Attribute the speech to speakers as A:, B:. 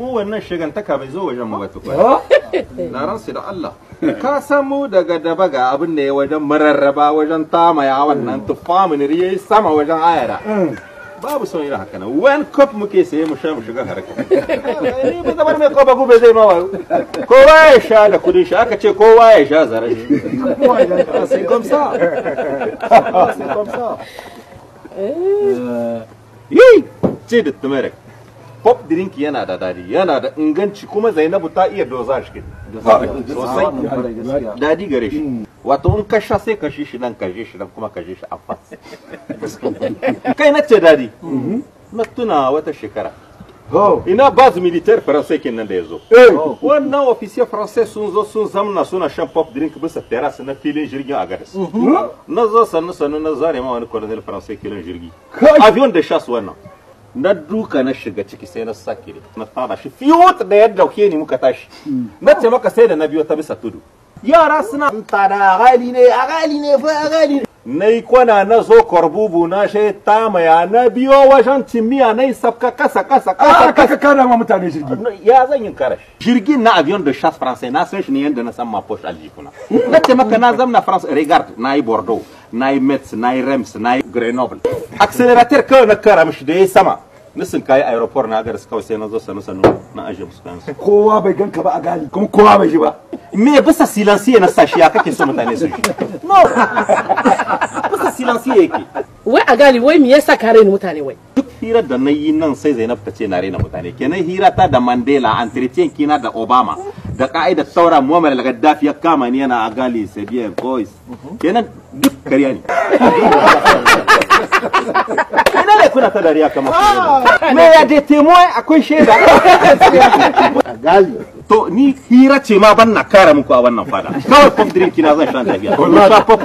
A: mu wannan shigantaka bai zo wajen mu ba tukuna na ransu da Allah ka san mu daga daba ga abin da ya wajen mararraba wajen tamaya wannan tufamin riye sama wajen ayara babu son irin haka nan wani cup muke saye mu sha mu shiga harka ni ba zamar mai kofa gube zai mawa kowa ya sha da kudin shi aka ce kowa ya sha zarar shi sai komsa sai komsa yi ce da tumerek pop drink yana da dadi yana da inganci kuma zainabu ta iya doza shi sosai dadi gare shi wato in ka sha sai ka shi shi nan ka shi shi nan kuma ka shi shi a fas kai na ce dadi na tuna wata shekara ina base militaire faransai nan da ya zo eh. wannan officier faransai sun zo sun zamna suna shan pop drink bisa terrace na filin jirgin a gadas mhm. na zo sannu sannu na zare ma wani colonel faransai filin jirgi avion da sha wannan na duka na shiga ciki sai na sake na fara shi fiyot da ya dauke ni muka tashi hmm. na ce maka sai da na biyo ta bisa tudu yara suna tada agali ne agali ne fa agali ne na yi kwana na zo korbubu na she tamaya na biyo wajen timiya na yi sabka kasa kasa kasa ah, kasa kada ma mutane jirgi ya zan yin karash jirgin na avion de chasse français na san shi ne yadda na san ma poche aljihuna na ce maka na zamna france regard na yi bordeaux na Metz, na Rems, na Grenoble. Accelerator kawai na kara mishi da ya sama. Nisin kayi aeroport na agaris kawai sai na zo sanu sanu na aje musu kayan su. Kowa bai ganka ba a gali kuma kowa bai ji ba. Me bisa silansiye na sashi ya kake so mutane su ji. No. Bisa silansiye yake. Wai a gali wai me yasa ka raina mutane wai? Duk hirar da na yi nan sai Zainab ta ce na raina mutane. Kenan hira ta da Mandela, entretien kina da Obama. da ka'idar saura muammar al-gaddafi ya kama ni yana a gali sabiya boys mhm. kenan duk kariya ne kenan ne kuna ta dariya kama ah! me ya je temoy akwai shaida gali to ni hira ce ma ban na kara muku a wannan fada kawai pop drink na zan shan tafiya